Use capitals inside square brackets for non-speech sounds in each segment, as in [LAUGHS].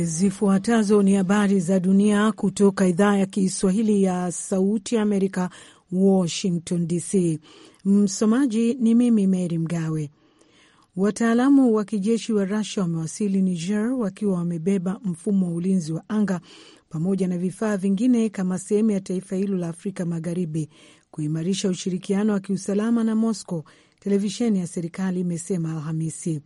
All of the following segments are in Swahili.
Zifuatazo ni habari za dunia kutoka idhaa ya Kiswahili ya Sauti Amerika, Washington DC. Msomaji ni mimi Mary Mgawe. Wataalamu wa kijeshi wa Rusia wamewasili Niger wakiwa wamebeba mfumo wa ulinzi wa anga pamoja na vifaa vingine kama sehemu ya taifa hilo la Afrika Magharibi kuimarisha ushirikiano wa kiusalama na Moscow, televisheni ya serikali imesema Alhamisi.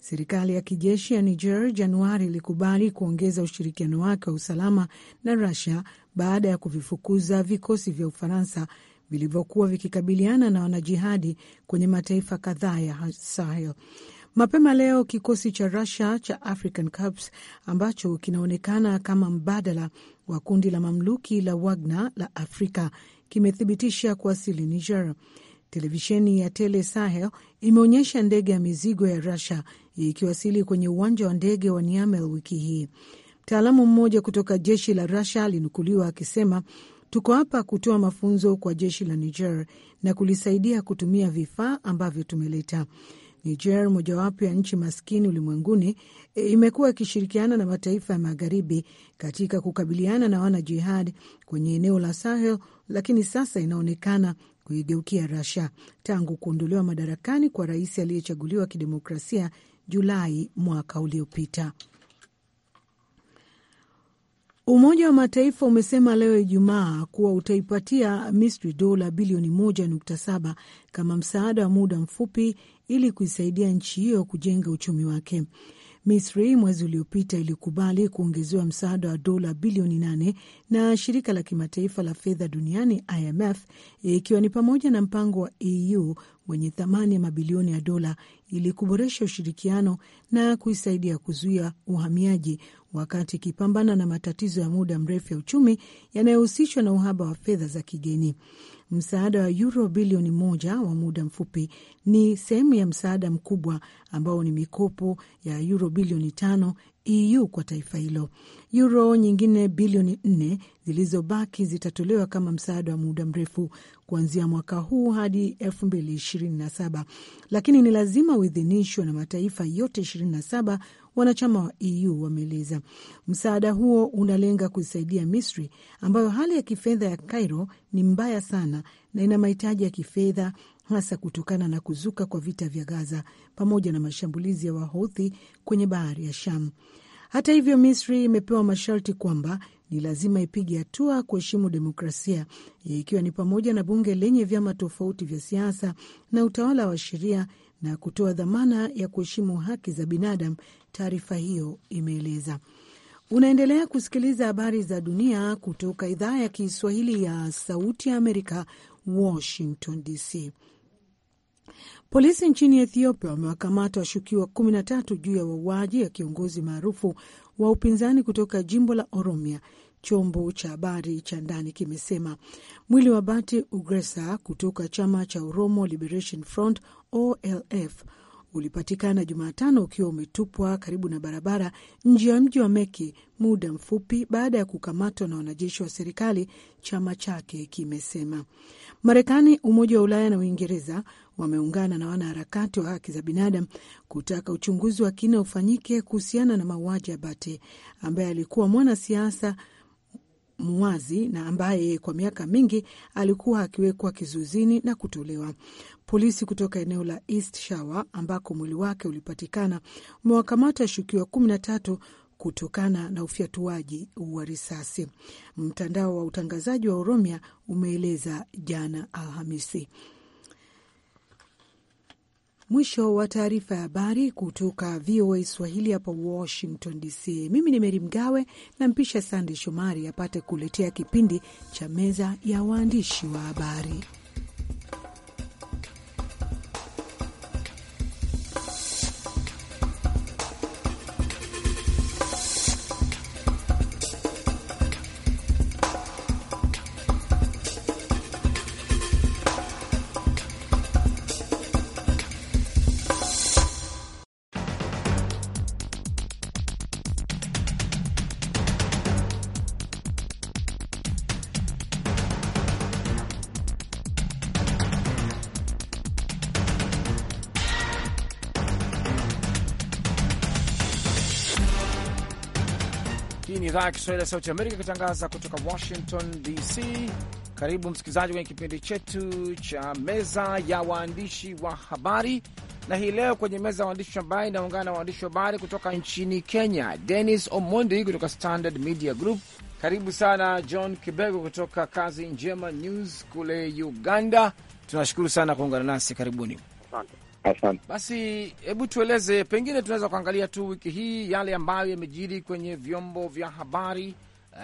Serikali ya kijeshi ya Niger Januari ilikubali kuongeza ushirikiano wake wa usalama na rasia baada ya kuvifukuza vikosi vya Ufaransa vilivyokuwa vikikabiliana na wanajihadi kwenye mataifa kadhaa ya Sahel. Mapema leo kikosi cha Russia cha African Corps ambacho kinaonekana kama mbadala wa kundi la mamluki la Wagner la Afrika kimethibitisha kuwasili Niger. Televisheni ya Tele Sahel imeonyesha ndege ya mizigo ya Rusia ikiwasili kwenye uwanja wa ndege wa niamel wiki hii. Mtaalamu mmoja kutoka jeshi la Rusia alinukuliwa akisema, tuko hapa kutoa mafunzo kwa jeshi la Niger na kulisaidia kutumia vifaa ambavyo tumeleta. Niger, mojawapo ya nchi maskini ulimwenguni, e, imekuwa ikishirikiana na mataifa ya magharibi katika kukabiliana na wanajihad kwenye eneo la Sahel, lakini sasa inaonekana kuigeukia Russia tangu kuondolewa madarakani kwa rais aliyechaguliwa kidemokrasia Julai mwaka uliopita. Umoja wa Mataifa umesema leo Ijumaa kuwa utaipatia Misri dola bilioni 1.7 kama msaada wa muda mfupi ili kuisaidia nchi hiyo kujenga uchumi wake. Misri mwezi uliopita ilikubali kuongezewa msaada wa dola bilioni nane na shirika la kimataifa la fedha duniani IMF, ikiwa ni pamoja na mpango wa EU wenye thamani ya mabilioni ya dola ili kuboresha ushirikiano na kuisaidia kuzuia uhamiaji, wakati ikipambana na matatizo ya muda mrefu ya uchumi yanayohusishwa na uhaba wa fedha za kigeni. Msaada wa uro bilioni moja wa muda mfupi ni sehemu ya msaada mkubwa ambao ni mikopo ya uro bilioni tano EU kwa taifa hilo. Euro nyingine bilioni nne zilizobaki zitatolewa kama msaada wa muda mrefu kuanzia mwaka huu hadi saba, lakini ni lazima uidhinishwe na mataifa yote 27 wanachama wa EU, wameeleza. Msaada huo unalenga kuisaidia Misri ambayo hali ya kifedha ya Cairo ni mbaya sana na ina mahitaji ya kifedha hasa kutokana na kuzuka kwa vita vya Gaza pamoja na mashambulizi ya Wahouthi kwenye bahari ya Sham. Hata hivyo, Misri imepewa masharti kwamba ni lazima ipige hatua kuheshimu demokrasia, ikiwa ni pamoja na bunge lenye vyama tofauti vya siasa na utawala wa sheria na kutoa dhamana ya kuheshimu haki za binadamu, taarifa hiyo imeeleza. Unaendelea kusikiliza habari za dunia kutoka idhaa ya Kiswahili ya Sauti ya Amerika, Washington DC. Polisi nchini Ethiopia wamewakamata washukiwa kumi na tatu juu ya wauaji ya kiongozi maarufu wa upinzani kutoka jimbo la Oromia. Chombo cha habari cha ndani kimesema mwili wa Bati Ugresa kutoka chama cha Oromo Liberation Front OLF ulipatikana Jumatano ukiwa umetupwa karibu na barabara nje ya mji wa Meki muda mfupi baada ya kukamatwa na wanajeshi wa serikali, chama chake kimesema. Marekani, Umoja wa Ulaya na Uingereza wameungana na wanaharakati wa haki za binadam kutaka uchunguzi wa kina ufanyike kuhusiana na mauaji ya Bate ambaye alikuwa mwanasiasa muwazi na ambaye kwa miaka mingi alikuwa akiwekwa kizuizini na kutolewa. Polisi kutoka eneo la East Shawa ambako mwili wake ulipatikana umewakamata shukiwa kumi na tatu kutokana na ufyatuaji wa risasi. Mtandao wa utangazaji wa Oromia umeeleza jana Alhamisi. Mwisho wa taarifa ya habari kutoka VOA Swahili hapa Washington DC. Mimi ni Meri Mgawe na mpisha sandey Shomari apate kuletea kipindi cha meza ya waandishi wa habari. Kiswahili ya Sauti Amerika ikitangaza kutoka Washington DC. Karibu msikilizaji kwenye kipindi chetu cha meza ya waandishi wa habari, na hii leo kwenye meza ya waandishi wa habari inaungana na waandishi wa habari kutoka nchini Kenya, Denis Omondi kutoka Standard Media Group. Karibu sana John Kibego kutoka Kazi Njema News kule Uganda. Tunashukuru sana kuungana nasi, karibuni. Asante. Asante. Basi hebu tueleze, pengine tunaweza kuangalia tu wiki hii yale ambayo yamejiri kwenye vyombo vya habari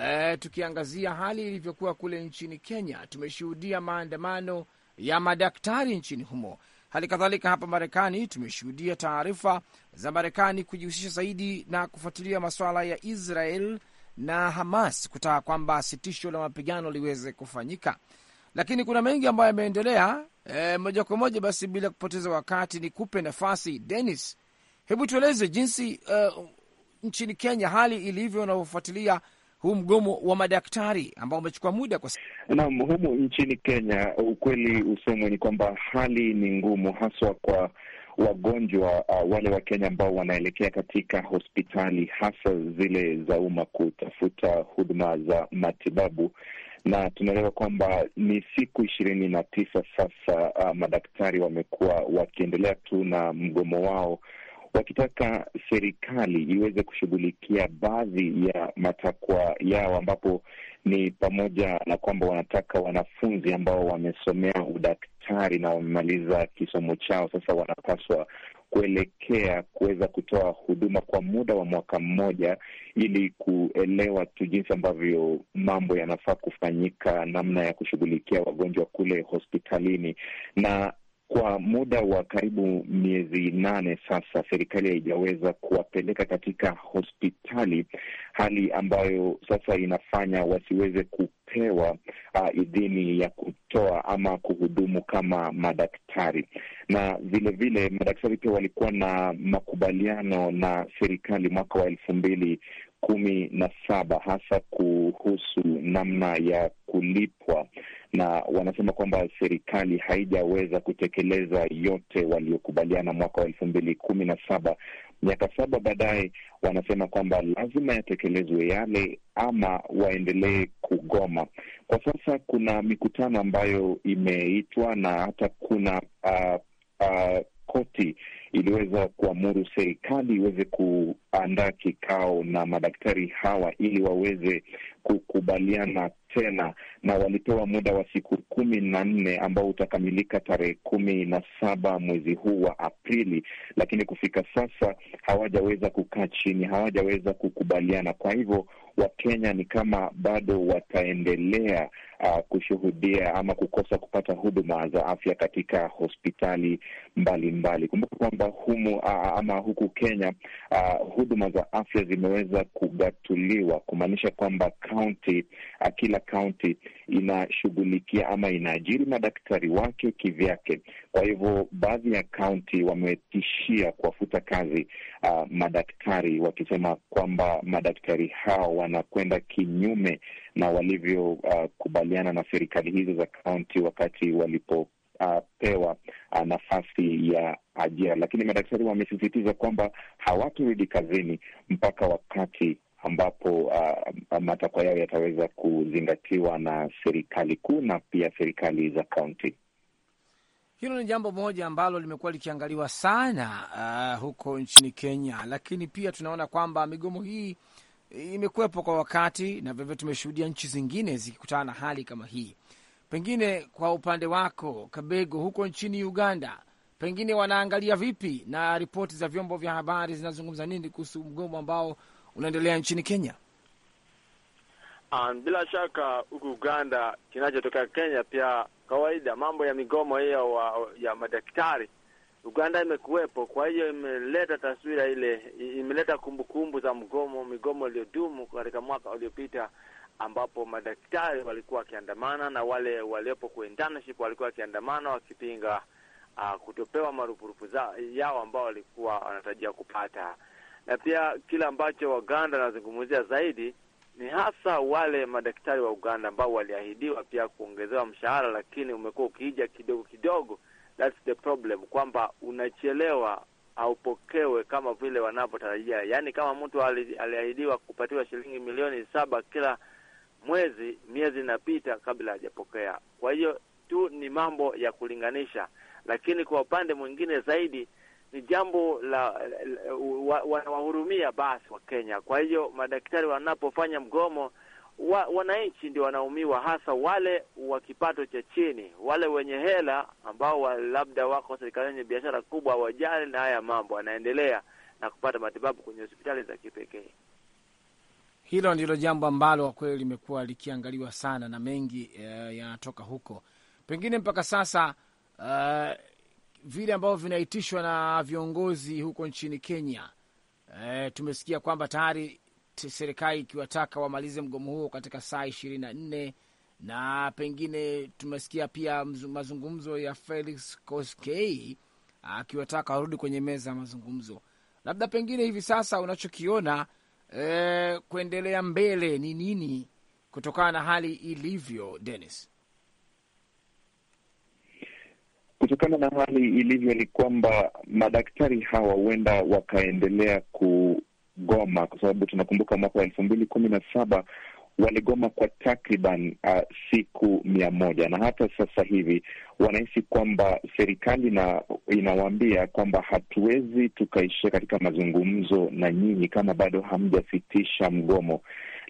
e, tukiangazia hali ilivyokuwa kule nchini Kenya. Tumeshuhudia maandamano ya madaktari nchini humo. Hali kadhalika hapa Marekani tumeshuhudia taarifa za Marekani kujihusisha zaidi na kufuatilia masuala ya Israel na Hamas kutaka kwamba sitisho la mapigano liweze kufanyika, lakini kuna mengi ambayo yameendelea E, moja kwa moja basi bila kupoteza wakati nikupe nafasi Dennis, hebu tueleze jinsi uh, nchini Kenya hali ilivyo unavyofuatilia huu mgomo wa madaktari ambao umechukua muda kwa naam. Humu nchini Kenya, ukweli usemwe ni kwamba hali ni ngumu, haswa kwa wagonjwa uh, wale wa Kenya ambao wanaelekea katika hospitali hasa zile za umma kutafuta huduma za matibabu na tunaelewa kwamba ni siku ishirini na tisa sasa, uh, madaktari wamekuwa wakiendelea tu na mgomo wao wakitaka serikali iweze kushughulikia baadhi ya matakwa yao, ambapo ni pamoja na kwamba wanataka wanafunzi ambao wamesomea udaktari na wamemaliza kisomo chao sasa wanapaswa kuelekea kuweza kutoa huduma kwa muda wa mwaka mmoja, ili kuelewa tu jinsi ambavyo mambo yanafaa kufanyika, namna ya kushughulikia wagonjwa kule hospitalini na kwa muda wa karibu miezi nane sasa, serikali haijaweza kuwapeleka katika hospitali, hali ambayo sasa inafanya wasiweze kupewa uh, idhini ya kutoa ama kuhudumu kama madaktari. Na vilevile vile, madaktari pia walikuwa na makubaliano na serikali mwaka wa elfu mbili kumi na saba hasa kuhusu namna ya kulipwa na wanasema kwamba serikali haijaweza kutekeleza yote waliokubaliana mwaka wa elfu mbili kumi na saba. Miaka saba baadaye, wanasema kwamba lazima yatekelezwe yale ama waendelee kugoma. Kwa sasa kuna mikutano ambayo imeitwa na hata kuna uh, uh, koti iliweza kuamuru serikali iweze kuandaa kikao na madaktari hawa ili waweze kukubaliana tena, na walipewa muda wa siku kumi na nne ambao utakamilika tarehe kumi na saba mwezi huu wa Aprili, lakini kufika sasa hawajaweza kukaa chini, hawajaweza kukubaliana. Kwa hivyo Wakenya ni kama bado wataendelea uh, kushuhudia ama kukosa kupata huduma za afya katika hospitali mbalimbali. Kumbuka kwamba humu uh, ama huku Kenya uh, huduma za afya zimeweza kugatuliwa kumaanisha kwamba kaunti uh, kila kaunti inashughulikia ama inaajiri madaktari wake kivyake. Kwa hivyo baadhi ya kaunti wametishia kuwafuta kazi uh, madaktari wakisema kwamba madaktari hao wanakwenda kinyume na walivyokubaliana uh, na serikali hizo za kaunti wakati walipopewa uh, uh, nafasi ya ajira. Lakini madaktari wamesisitiza kwamba hawaturudi kazini mpaka wakati ambapo uh, matakwa yao yataweza kuzingatiwa na serikali kuu na pia serikali za kaunti. Hilo ni jambo moja ambalo limekuwa likiangaliwa sana uh, huko nchini Kenya, lakini pia tunaona kwamba migomo hii imekuwepo kwa wakati na vilevile tumeshuhudia nchi zingine zikikutana na hali kama hii. Pengine kwa upande wako Kabego, huko nchini Uganda, pengine wanaangalia vipi na ripoti za vyombo vya habari zinazungumza nini kuhusu mgomo ambao unaendelea nchini Kenya? Ah, bila shaka huku Uganda, kinachotokea Kenya pia kawaida, mambo ya migomo hiyo ya madaktari Uganda imekuwepo, kwa hiyo imeleta taswira ile, imeleta kumbukumbu za mgomo, migomo iliyodumu katika mwaka uliopita ambapo madaktari walikuwa wakiandamana na wale waliopo kwa internship walikuwa wakiandamana wakipinga uh, kutopewa marupurupu yao ambao walikuwa wanatarajia kupata, na pia kile ambacho Waganda wanazungumzia zaidi ni hasa wale madaktari wa Uganda ambao waliahidiwa pia kuongezewa mshahara, lakini umekuwa ukija kidogo kidogo That's the problem, kwamba unachelewa haupokewe kama vile wanavyotarajia. Yaani, kama mtu aliahidiwa kupatiwa shilingi milioni saba kila mwezi, miezi inapita kabla hajapokea. Kwa hiyo tu ni mambo ya kulinganisha, lakini kwa upande mwingine zaidi ni jambo la wanawahurumia basi wa Kenya. Kwa hiyo madaktari wanapofanya mgomo wa, wananchi ndio wanaumiwa hasa wale wa kipato cha chini, wale wenye hela ambao wa labda wako serikali yenye biashara kubwa wajali na haya mambo, anaendelea na kupata matibabu kwenye hospitali za kipekee. Hilo ndilo jambo ambalo kwa kweli limekuwa likiangaliwa sana na mengi uh, yanatoka huko. Pengine mpaka sasa uh, vile ambavyo vinaitishwa na viongozi huko nchini Kenya uh, tumesikia kwamba tayari serikali ikiwataka wamalize mgomo huo katika saa ishirini na nne na pengine tumesikia pia mazungumzo ya Felix Koskei akiwataka warudi kwenye meza ya mazungumzo. Labda pengine hivi sasa unachokiona e, kuendelea mbele ni nini kutokana na hali ilivyo, Dennis? Kutokana na hali ilivyo ni kwamba madaktari hawa huenda wakaendelea ku goma, kwa sababu tunakumbuka mwaka wa elfu mbili kumi na saba waligoma kwa takriban uh, siku mia moja na hata sasa hivi wanahisi kwamba serikali na inawaambia kwamba hatuwezi tukaishia katika mazungumzo na nyinyi kama bado hamjasitisha mgomo.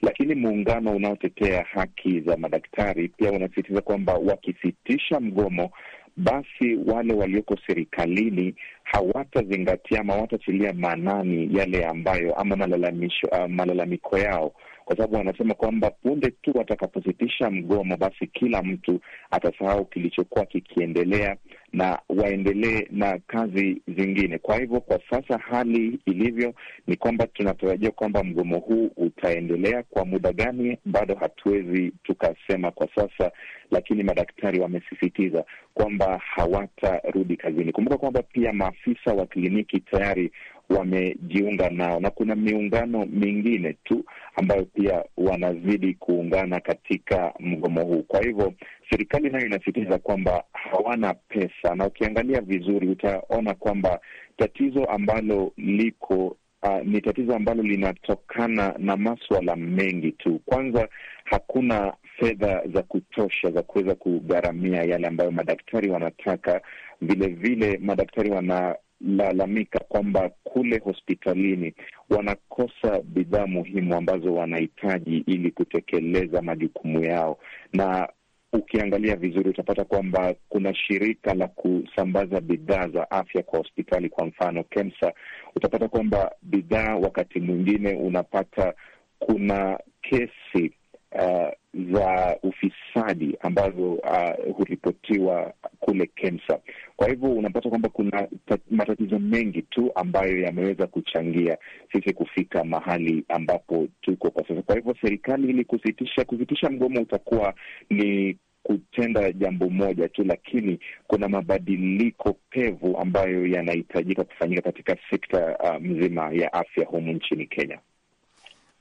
Lakini muungano unaotetea haki za madaktari pia unasisitiza kwamba wakisitisha mgomo basi wale walioko serikalini hawatazingatia ama hawatatilia maanani yale ambayo ama malalamisho, uh, ah, malalamiko yao, kwa sababu wanasema kwamba punde tu watakapositisha mgomo, basi kila mtu atasahau kilichokuwa kikiendelea na waendelee na kazi zingine. Kwa hivyo kwa sasa hali ilivyo ni kwamba tunatarajia kwamba mgomo huu utaendelea kwa muda gani, bado hatuwezi tukasema kwa sasa, lakini madaktari wamesisitiza kwamba hawatarudi kazini. Kumbuka kwamba pia maafisa wa kliniki tayari wamejiunga nao, na kuna miungano mingine tu ambayo pia wanazidi kuungana katika mgomo huu. Kwa hivyo serikali nayo inasisitiza kwamba hawana pesa, na ukiangalia vizuri utaona kwamba tatizo ambalo liko Uh, ni tatizo ambalo linatokana na maswala mengi tu. Kwanza, hakuna fedha za kutosha za kuweza kugharamia yale ambayo madaktari wanataka. Vilevile, madaktari wana wanalalamika kwamba kule hospitalini wanakosa bidhaa muhimu ambazo wanahitaji ili kutekeleza majukumu yao na ukiangalia vizuri utapata kwamba kuna shirika la kusambaza bidhaa za afya kwa hospitali, kwa mfano KEMSA. Utapata kwamba bidhaa, wakati mwingine unapata kuna kesi uh, za ufisadi ambazo uh, huripotiwa kule KEMSA. Kwa hivyo unapata kwamba kuna matatizo mengi tu ambayo yameweza kuchangia sisi kufika mahali ambapo tuko kwa sasa. Kwa hivyo serikali, ili kusitisha kusitisha mgomo utakuwa ni kutenda jambo moja tu, lakini kuna mabadiliko pevu ambayo yanahitajika kufanyika katika sekta uh, mzima ya afya humu nchini Kenya.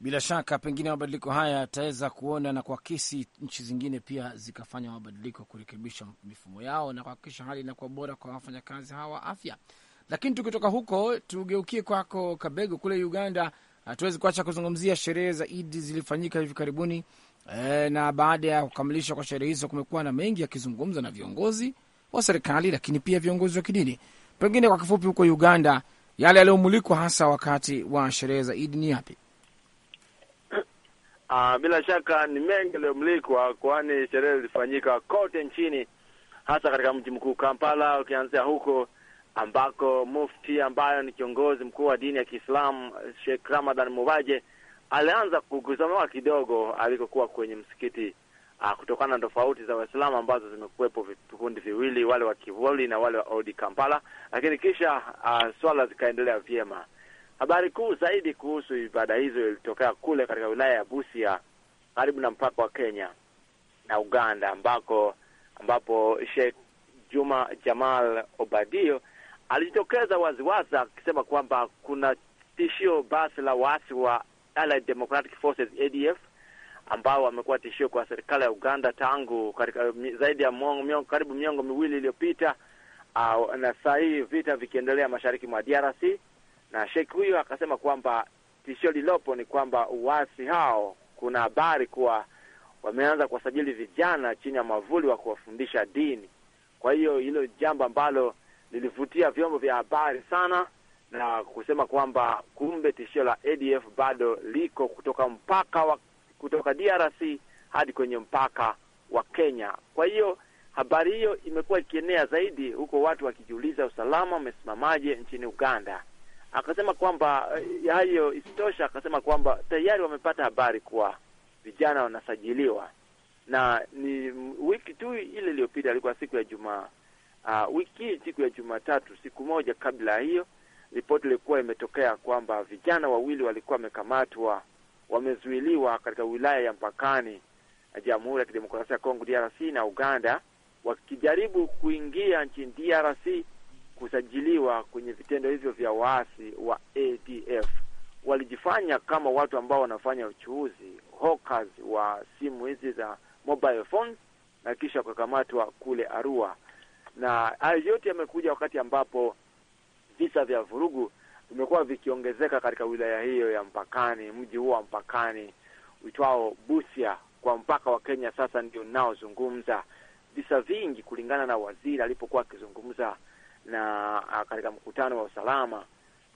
Bila shaka pengine mabadiliko haya yataweza kuona na kuakisi nchi zingine pia zikafanya mabadiliko kurekebisha mifumo yao na kuhakikisha hali inakuwa bora kwa wafanyakazi hawa wa afya. Lakini tukitoka huko, tugeukie kwako Kabego kule Uganda. Hatuwezi kuacha kuzungumzia sherehe za Idi zilifanyika hivi karibuni e, na baada ya kukamilishwa kwa sherehe hizo kumekuwa na mengi yakizungumza na viongozi wa serikali, lakini pia viongozi wa kidini. Pengine kwa kifupi, huko Uganda yale yaliyomulikwa hasa wakati wa sherehe za Idi ni yapi? Aa, ah, bila shaka ni mengi yaliyomlikwa, kwani sherehe zilifanyika kote nchini, hasa katika mji mkuu Kampala, ukianzia huko ambako mufti ambayo ni kiongozi mkuu wa dini ya Kiislamu Sheikh Ramadan Mubaje alianza kukusomewa kidogo alikokuwa kwenye msikiti ah, kutokana na tofauti za Waislamu ambazo zimekuwepo vikundi viwili, wale wa Kivoli na wale wa Odi Kampala, lakini kisha uh, swala zikaendelea vyema. Habari kuu zaidi kuhusu ibada hizo ilitokea kule katika wilaya ya Busia karibu na mpaka wa Kenya na Uganda, ambako ambapo Sheikh Juma Jamal Obadio alijitokeza waziwazi akisema kwamba kuna tishio basi la waasi wa Allied Democratic Forces ADF ambao wamekuwa tishio kwa serikali ya Uganda tangu katika zaidi ya miongo, karibu miongo miwili iliyopita, na saa hii vita vikiendelea mashariki mwa DRC na Sheikh huyo akasema kwamba tishio lililopo ni kwamba uasi hao, kuna habari kuwa wameanza kuwasajili vijana chini ya mwavuli wa kuwafundisha dini. Kwa hiyo hilo jambo ambalo lilivutia vyombo vya habari sana na kusema kwamba kumbe tishio la ADF bado liko kutoka mpaka wa, kutoka DRC hadi kwenye mpaka wa Kenya. Kwa hiyo habari hiyo imekuwa ikienea zaidi huko, watu wakijiuliza usalama umesimamaje nchini Uganda akasema kwamba hayo eh, isitosha, akasema kwamba tayari wamepata habari kuwa vijana wanasajiliwa, na ni wiki tu ile iliyopita, alikuwa siku ya Jumaa uh, wiki hii siku ya Jumatatu, siku moja kabla ya hiyo, ripoti ilikuwa imetokea kwamba vijana wawili walikuwa wamekamatwa, wamezuiliwa katika wilaya ya mpakani na Jamhuri ya Kidemokrasia ya Kongo DRC na Uganda, wakijaribu kuingia nchini DRC kusajiliwa kwenye vitendo hivyo vya waasi wa ADF. Walijifanya kama watu ambao wanafanya uchuuzi, hawkers wa simu hizi za mobile phones, na kisha wakakamatwa kule Arua. Na hayo yote yamekuja wakati ambapo visa vya vurugu vimekuwa vikiongezeka katika wilaya hiyo ya mpakani, mji huo wa mpakani uitwao Busia, kwa mpaka wa Kenya sasa ndio unaozungumza visa vingi, kulingana na waziri alipokuwa akizungumza na ah, katika mkutano wa usalama,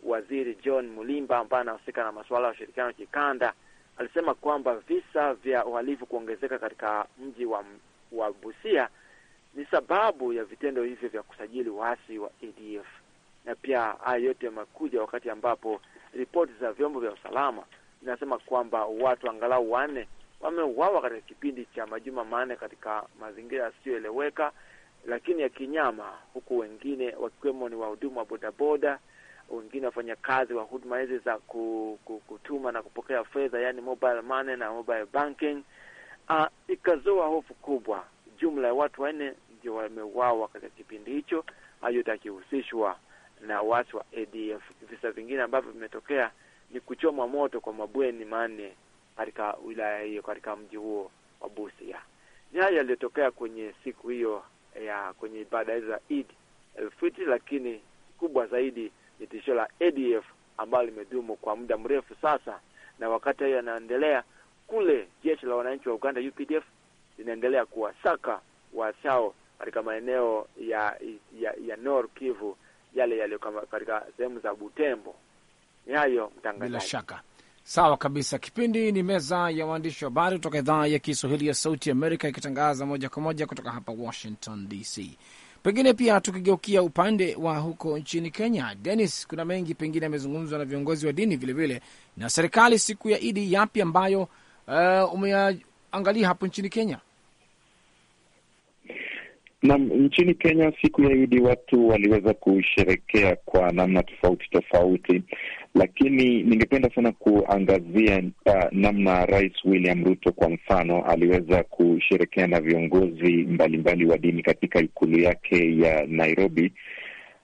waziri John Mulimba ambaye anahusika na masuala ya ushirikiano kikanda alisema kwamba visa vya uhalifu kuongezeka katika mji wa, wa Busia ni sababu ya vitendo hivyo vya kusajili waasi wa ADF na pia haya yote yamekuja wakati ambapo ripoti za vyombo vya usalama zinasema kwamba watu angalau wanne wameuawa katika kipindi cha majuma manne katika mazingira yasiyoeleweka lakini ya kinyama, huku wengine wakiwemo ni wahudumu wa bodaboda, wengine wafanyakazi wa huduma hizi za kutuma na kupokea fedha, yani mobile money na mobile banking. Uh, ah, ikazua hofu kubwa. Jumla ya watu wanne ndio wameuawa katika kipindi hicho, ayote takihusishwa na wasi wa ADF. Visa vingine ambavyo vimetokea ni kuchomwa moto kwa mabweni manne katika wilaya hiyo, katika mji huo wa Busia. Ni haya yaliyotokea kwenye siku hiyo ya kwenye ibada za Eid elfiti, eh, lakini kubwa zaidi ni tishio la ADF ambalo limedumu kwa muda mrefu sasa, na wakati hayo yanaendelea kule, jeshi la wananchi wa Uganda UPDF linaendelea kuwasaka wasao katika maeneo ya, ya, ya Nor Kivu yale yaliyo katika sehemu za Butembo. Ni hayo mtangazaji, bila shaka. Sawa kabisa. Kipindi ni meza ya waandishi wa habari kutoka idhaa ya Kiswahili ya Sauti Amerika, ikitangaza moja kwa moja kutoka hapa Washington DC. Pengine pia tukigeukia upande wa huko nchini Kenya, denis kuna mengi pengine yamezungumzwa na viongozi wa dini vilevile vile, na serikali siku ya Idi. Yapi ambayo uh, umeangalia hapo nchini Kenya? Naam, nchini Kenya siku ya Idi watu waliweza kusherekea kwa namna tofauti tofauti, lakini ningependa sana kuangazia uh, namna Rais William Ruto kwa mfano aliweza kusherekea na viongozi mbalimbali wa dini katika ikulu yake ya Nairobi,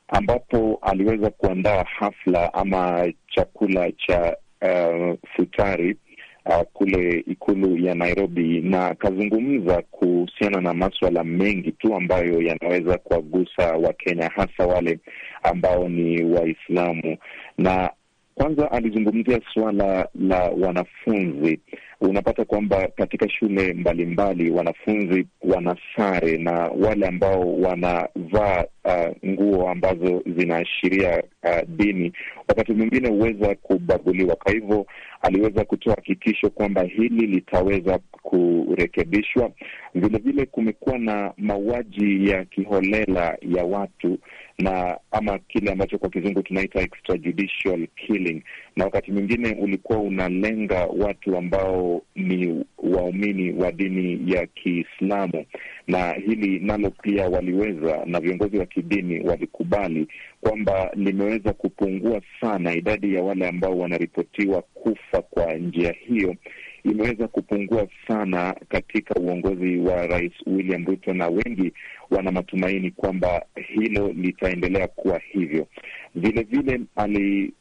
ambapo aliweza kuandaa hafla ama chakula cha uh, futari uh, kule ikulu ya Nairobi, na akazungumza kuhusiana na maswala mengi tu ambayo yanaweza kuwagusa Wakenya, hasa wale ambao ni Waislamu na kwanza alizungumzia suala la wanafunzi. Unapata kwamba katika shule mbalimbali wanafunzi wana sare na wale ambao wanavaa uh, nguo ambazo zinaashiria uh, dini, wakati mwingine huweza kubaguliwa. Kwa hivyo aliweza kutoa hakikisho kwamba hili litaweza kurekebishwa. Vilevile kumekuwa na mauaji ya kiholela ya watu na ama kile ambacho kwa kizungu tunaita extrajudicial killing, na wakati mwingine ulikuwa unalenga watu ambao ni waumini wa dini ya Kiislamu, na hili nalo pia waliweza, na viongozi wa kidini walikubali kwamba limeweza kupungua sana idadi ya wale ambao wanaripotiwa kufa kwa njia hiyo imeweza kupungua sana katika uongozi wa Rais William Ruto, na wengi wana matumaini kwamba hilo litaendelea kuwa hivyo. Vilevile ali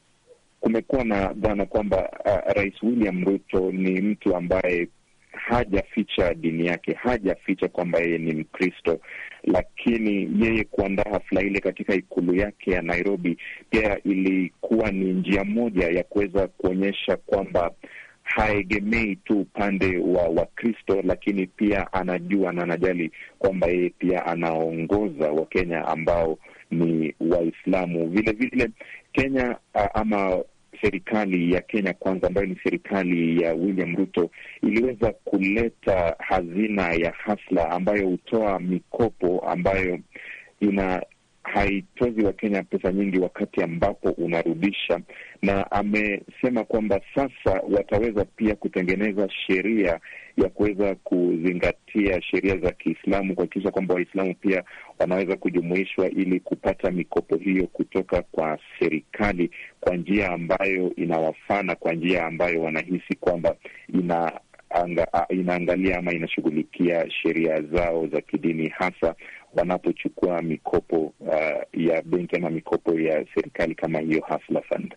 kumekuwa na dhana kwamba uh, Rais William Ruto ni mtu ambaye hajaficha dini yake, hajaficha kwamba yeye ni Mkristo, lakini yeye kuandaa hafla ile katika ikulu yake ya Nairobi pia ilikuwa ni njia moja ya kuweza kuonyesha kwamba haegemei tu upande wa Wakristo, lakini pia anajua na anajali kwamba yeye pia anaongoza Wakenya ambao ni Waislamu vilevile. Kenya ama serikali ya Kenya Kwanza ambayo ni serikali ya William Ruto iliweza kuleta hazina ya hasla ambayo hutoa mikopo ambayo ina haitozi Wakenya pesa nyingi wakati ambapo unarudisha, na amesema kwamba sasa wataweza pia kutengeneza sheria ya kuweza kuzingatia sheria za Kiislamu kuhakikisha kwamba Waislamu pia wanaweza kujumuishwa ili kupata mikopo hiyo kutoka kwa serikali kwa njia ambayo inawafaa na kwa njia ambayo wanahisi kwamba ina anga, inaangalia ama inashughulikia sheria zao za kidini hasa wanapochukua mikopo uh, ya benki ama mikopo ya serikali kama hiyo hasla Fund.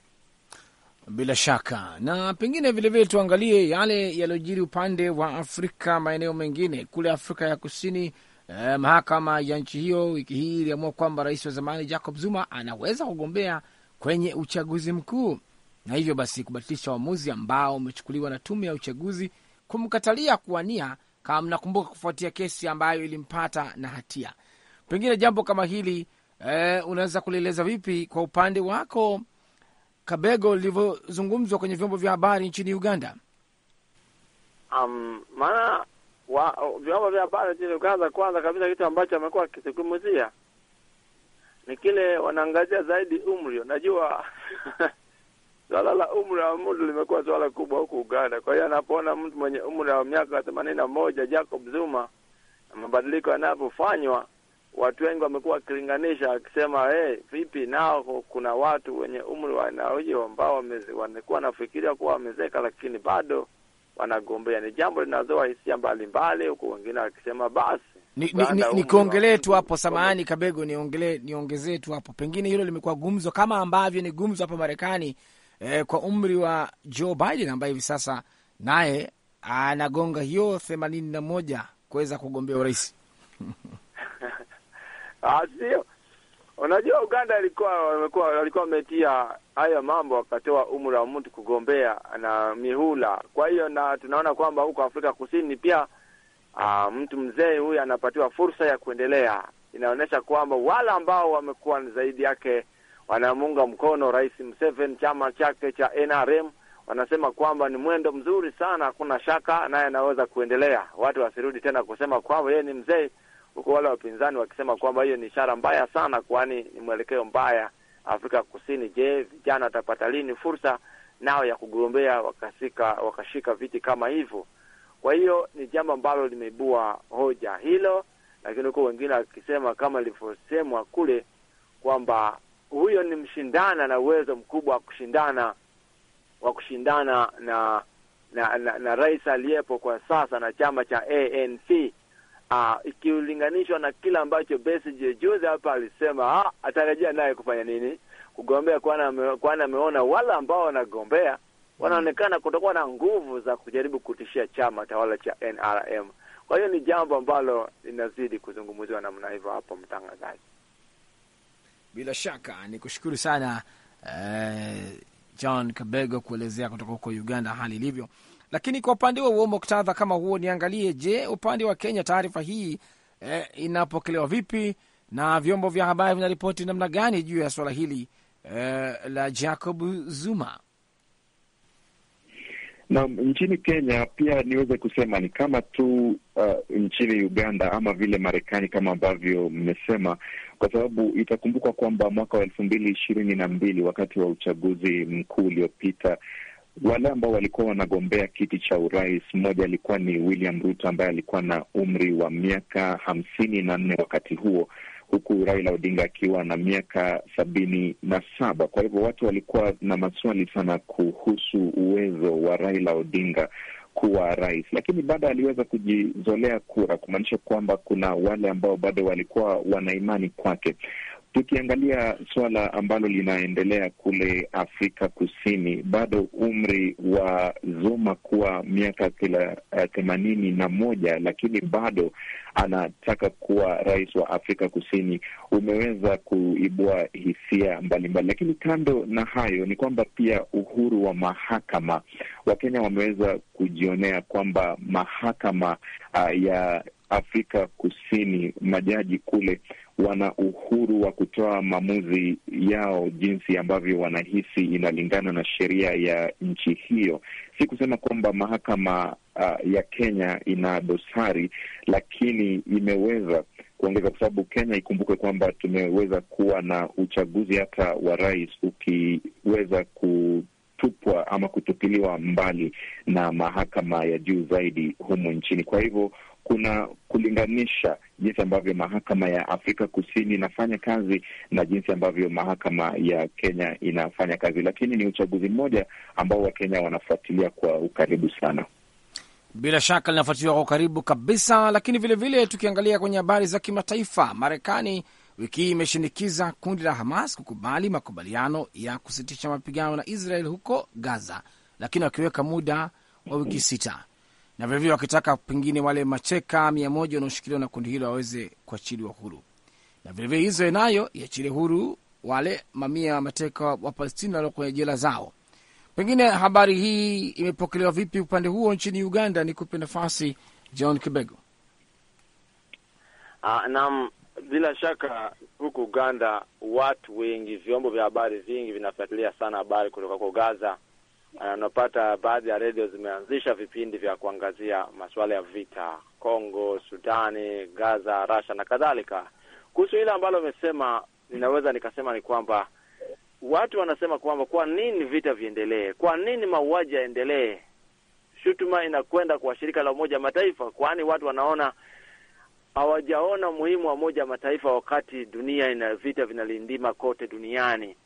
Bila shaka na pengine vilevile tuangalie yale yaliyojiri upande wa Afrika, maeneo mengine kule Afrika ya Kusini. Eh, mahakama ya nchi hiyo wiki hii iliamua kwamba rais wa zamani Jacob Zuma anaweza kugombea kwenye uchaguzi mkuu na hivyo basi kubatilisha uamuzi ambao umechukuliwa na tume ya uchaguzi kumkatalia kuwania, kama mnakumbuka, kufuatia kesi ambayo ilimpata na hatia. Pengine jambo kama hili e, unaweza kulieleza vipi kwa upande wako Kabego, lilivyozungumzwa kwenye vyombo vya habari nchini Uganda? Um, maana vyombo vya habari nchini Uganda, kwanza kabisa, kitu ambacho amekuwa akizungumzia ni kile wanaangazia zaidi umri, unajua [LAUGHS] Swala la umri wa mtu limekuwa swala kubwa huku Uganda. Kwa hiyo anapoona mtu mwenye umri wa miaka themanini na moja Jacob Zuma na mabadiliko yanavyofanywa, watu wengi wamekuwa wakilinganisha akisema, hey, vipi nao kuna watu wenye umri wa aina hiyo ambao wamekuwa wanafikiria kuwa wamezeka lakini bado wanagombea. Ni jambo linazoa hisia mbalimbali, huku wengine wakisema basi Nikuongelee ni, ni, ni tu hapo. Samahani Kabego, niongelee niongezee tu hapo, pengine hilo limekuwa gumzo kama ambavyo ni gumzo hapa Marekani eh, kwa umri wa Joe Biden ambaye hivi sasa naye anagonga hiyo themanini na moja kuweza kugombea urais [LAUGHS] ah, sio? Unajua, Uganda walikuwa wametia haya mambo, wakatoa umri wa mtu kugombea na mihula. Kwa hiyo na tunaona kwamba huko Afrika Kusini pia aa, ah, mtu mzee huyu anapatiwa fursa ya kuendelea. Inaonyesha kwamba wale ambao wamekuwa zaidi yake wanamuunga mkono Rais Museveni, chama chake cha NRM wanasema kwamba ni mwendo mzuri sana, hakuna shaka naye anaweza kuendelea. Watu wasirudi tena kusema kwamba yeye ni mzee, huku wale wapinzani wakisema kwamba hiyo ni ishara mbaya sana, kwani ni mwelekeo mbaya Afrika Kusini. Je, vijana watapata lini fursa nao ya kugombea wakasika, wakashika viti kama hivyo? Kwa hiyo ni jambo ambalo limeibua hoja hilo, lakini huko wengine wakisema kama ilivyosemwa kule kwamba huyo ni mshindana na uwezo mkubwa wa kushindana wa kushindana na na, na, na rais aliyepo kwa sasa na chama cha ANC uh, ah, ikilinganishwa na kile ambacho Besigye juzi hapa alisema ah, atarejea naye kufanya nini kugombea, kwani ameona wale ambao wanagombea wanaonekana kutokuwa na nguvu za kujaribu kutishia chama tawala cha NRM. Kwa hiyo ni jambo ambalo linazidi kuzungumziwa namna hivyo hapo, mtangazaji. Bila shaka ni kushukuru sana eh, John Kabego kuelezea kutoka huko Uganda hali ilivyo. Lakini kwa upande wa huo muktadha kama huo, niangalie, je, upande wa Kenya taarifa hii eh, inapokelewa vipi na vyombo vya habari vinaripoti namna gani juu ya swala hili eh, la Jacob Zuma? Na nchini Kenya pia niweze kusema ni kama tu uh, nchini Uganda ama vile Marekani kama ambavyo mmesema, kwa sababu itakumbuka kwamba mwaka wa elfu mbili ishirini na mbili wakati wa uchaguzi mkuu uliopita wale ambao walikuwa wanagombea kiti cha urais, mmoja alikuwa ni William Ruto ambaye alikuwa na umri wa miaka hamsini na nne wakati huo huku Raila Odinga akiwa na miaka sabini na saba. Kwa hivyo watu walikuwa na maswali sana kuhusu uwezo wa Raila Odinga kuwa rais, lakini baada aliweza kujizolea kura, kumaanisha kwamba kuna wale ambao bado walikuwa wana imani kwake. Tukiangalia suala ambalo linaendelea kule Afrika Kusini, bado umri wa Zuma kuwa miaka eh, themanini na moja, lakini bado anataka kuwa rais wa Afrika Kusini umeweza kuibua hisia mbalimbali. Lakini kando na hayo ni kwamba pia uhuru wa mahakama, Wakenya wameweza kujionea kwamba mahakama uh, ya Afrika Kusini, majaji kule wana uhuru wa kutoa maamuzi yao jinsi ambavyo wanahisi inalingana na sheria ya nchi hiyo. Si kusema kwamba mahakama uh, ya Kenya ina dosari, lakini imeweza kuongeza kwa sababu Kenya, ikumbuke kwamba tumeweza kuwa na uchaguzi hata wa rais ukiweza ku tupwa ama kutupiliwa mbali na mahakama ya juu zaidi humu nchini. Kwa hivyo kuna kulinganisha jinsi ambavyo mahakama ya Afrika Kusini inafanya kazi na jinsi ambavyo mahakama ya Kenya inafanya kazi, lakini ni uchaguzi mmoja ambao Wakenya wanafuatilia kwa ukaribu sana. Bila shaka linafuatiliwa kwa ukaribu kabisa, lakini vilevile vile, tukiangalia kwenye habari za kimataifa, Marekani wiki hii imeshinikiza kundi la Hamas kukubali makubaliano ya kusitisha mapigano na Israel huko Gaza, lakini wakiweka muda wa wiki sita na vilevile wakitaka pengine wale macheka mia moja wanaoshikiliwa na kundi hilo waweze kuachiliwa huru, na vilevile Israel nayo iachili huru wale mamia ya mateka wa Palestina walio kwenye jela zao. Pengine habari hii imepokelewa vipi upande huo nchini Uganda? Ni kupe nafasi John Kibego. Uh, naam, bila shaka huku Uganda watu wengi, vyombo vya habari vingi vinafuatilia sana habari kutoka kwa Gaza Eh, unapata baadhi ya redio zimeanzisha vipindi vya kuangazia masuala ya vita Kongo, Sudani, Gaza, Russia na kadhalika. Kuhusu hilo ambalo umesema, ninaweza nikasema ni kwamba watu wanasema kwamba kwa nini vita viendelee? Kwa nini mauaji yaendelee? Shutuma inakwenda kwa shirika la Umoja Mataifa, kwani watu wanaona hawajaona umuhimu wa Umoja Mataifa wakati dunia ina vita vinalindima kote duniani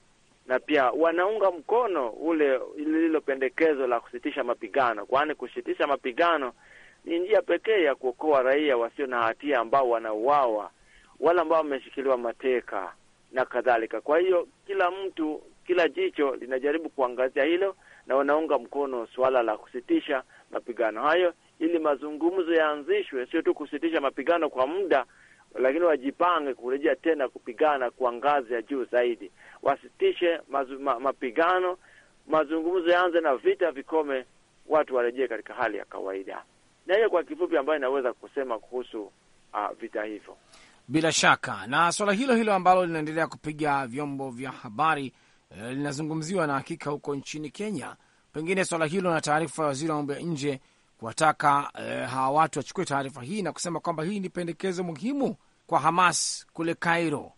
na pia wanaunga mkono ule lilo pendekezo la kusitisha mapigano, kwani kusitisha mapigano ni njia pekee ya kuokoa raia wasio na hatia ambao wanauawa, wale ambao wameshikiliwa mateka na kadhalika. Kwa hiyo kila mtu, kila jicho linajaribu kuangazia hilo, na wanaunga mkono suala la kusitisha mapigano hayo ili mazungumzo yaanzishwe, sio tu kusitisha mapigano kwa muda, lakini wajipange kurejea tena kupigana kwa ngazi ya juu zaidi, wasitishe mazu, ma, mapigano, mazungumzo yaanze na vita vikome, watu warejee katika hali ya kawaida. Na hiyo kwa kifupi ambayo inaweza kusema kuhusu uh, vita hivyo. Bila shaka na swala hilo hilo ambalo linaendelea kupiga vyombo vya habari eh, linazungumziwa na hakika huko nchini Kenya. Pengine swala hilo na taarifa ya waziri wa mambo ya nje kuwataka e, hawa watu wachukue taarifa hii na kusema kwamba hii ni pendekezo muhimu kwa Hamas kule Cairo.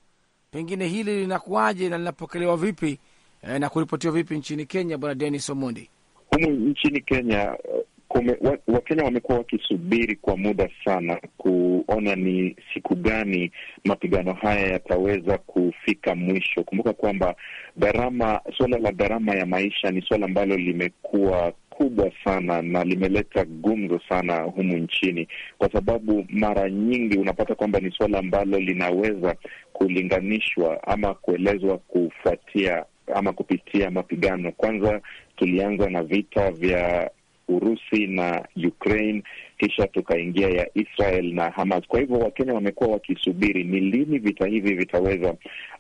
Pengine hili linakuwaje na linapokelewa vipi e, na kuripotiwa vipi nchini Kenya, Bwana Denis omundi Humu nchini Kenya eh, Wakenya wa wamekuwa wakisubiri kwa muda sana kuona ni siku gani mapigano haya yataweza kufika mwisho. Kumbuka kwamba gharama, suala la gharama ya maisha ni suala ambalo limekuwa kubwa sana na limeleta gumzo sana humu nchini, kwa sababu mara nyingi unapata kwamba ni suala ambalo linaweza kulinganishwa ama kuelezwa kufuatia ama kupitia mapigano. Kwanza tulianza na vita vya Urusi na Ukraine kisha tukaingia ya Israel na Hamas. Kwa hivyo Wakenya wamekuwa wakisubiri ni lini vita hivi vitaweza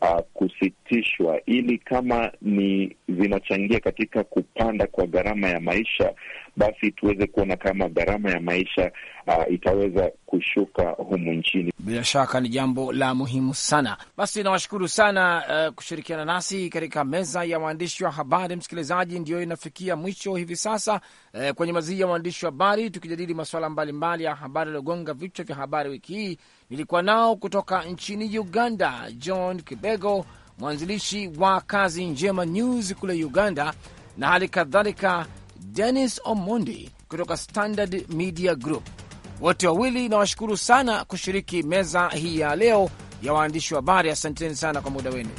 uh, kusitishwa, ili kama ni vinachangia katika kupanda kwa gharama ya maisha, basi tuweze kuona kama gharama ya maisha uh, itaweza kushuka humu nchini. Bila shaka ni jambo la muhimu sana. Basi nawashukuru sana uh, kushirikiana nasi katika meza ya waandishi wa habari. Msikilizaji, ndiyo inafikia mwisho hivi sasa eh, kwenye mazii ya waandishi wa habari tukijadili masuala mbalimbali ya habari yaliyogonga vichwa vya habari wiki hii. Nilikuwa nao kutoka nchini Uganda, John Kibego, mwanzilishi wa Kazi Njema News kule Uganda, na hali kadhalika Dennis Omondi kutoka Standard Media Group. Wote wawili nawashukuru sana kushiriki meza hii ya leo ya waandishi wa habari. Asanteni sana kwa muda wenu.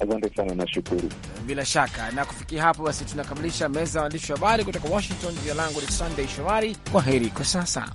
Asante sana, nashukuru. Bila shaka, na kufikia hapo basi tunakamilisha meza ya waandishi wa habari kutoka Washington. Jina langu ni Sunday Shomari, kwa heri kwa sasa.